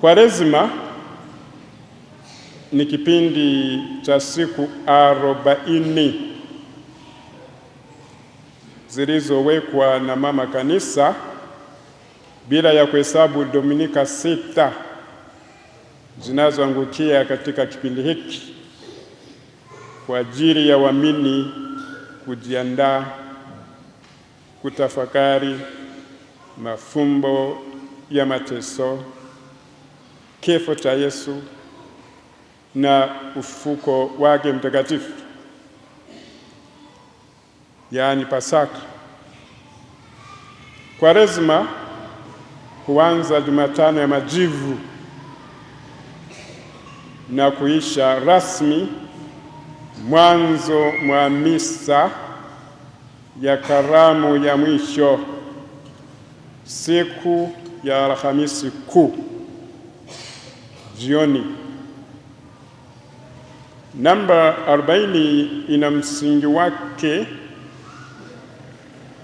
Kwaresima ni kipindi cha siku arobaini zilizowekwa na mama kanisa bila ya kuhesabu dominika sita zinazoangukia katika kipindi hiki kwa ajili ya waamini kujiandaa kutafakari mafumbo ya mateso kifo cha Yesu na ufufuko wake mtakatifu, yaani Pasaka. Kwaresma huanza Jumatano ya Majivu na kuisha rasmi mwanzo mwa misa ya karamu ya mwisho siku ya Alhamisi Kuu jioni. Namba 40 ina msingi wake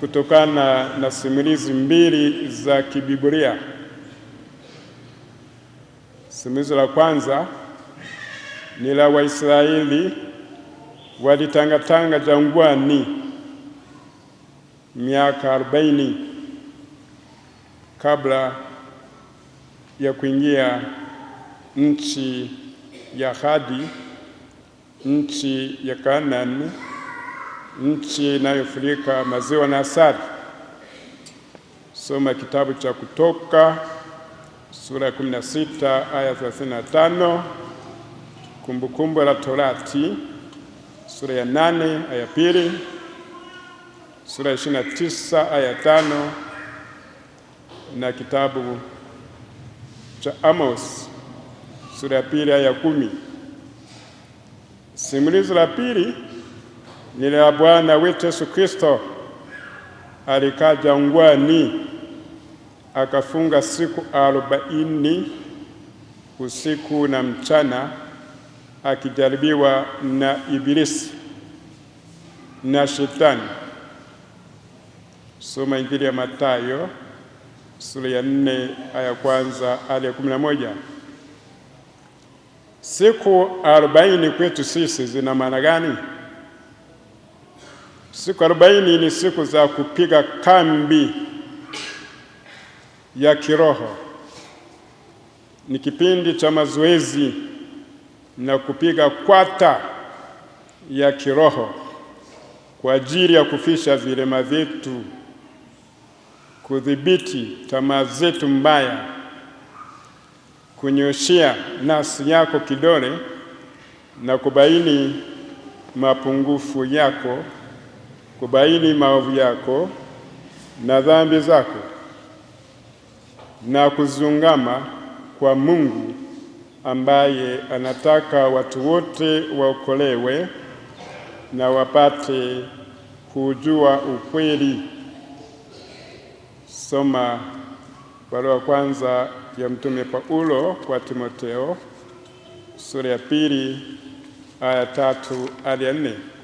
kutokana na simulizi mbili za kibiblia. Simulizi la kwanza ni la Waisraeli walitangatanga jangwani miaka 40 kabla ya kuingia nchi ya hadi nchi ya kanan nchi inayofurika maziwa na asali. Soma kitabu cha Kutoka sura ya 16 aya 35, Kumbukumbu la Torati sura ya 8 aya pili, sura ya 29 aya tano na kitabu cha Amos sura ya pili aya ya kumi. Simulizi la pili ni la Bwana wetu Yesu Kristo alikaa jangwani akafunga siku arobaini usiku na mchana akijaribiwa na Ibilisi na Shetani. Soma Injili ya Mathayo sura ya nne aya kwanza hadi ya kumi na moja. Siku arobaini kwetu sisi zina maana gani? Siku arobaini ni siku za kupiga kambi ya kiroho, ni kipindi cha mazoezi na kupiga kwata ya kiroho kwa ajili ya kufisha vilema vyetu, kudhibiti tamaa zetu mbaya kunyoshia nafsi yako kidole na kubaini mapungufu yako, kubaini maovu yako na dhambi zako, na kuzungama kwa Mungu ambaye anataka watu wote waokolewe na wapate kujua ukweli. Soma barua kwanza ya Mtume Paulo kwa Timotheo sura ya pili aya tatu hadi ya nne.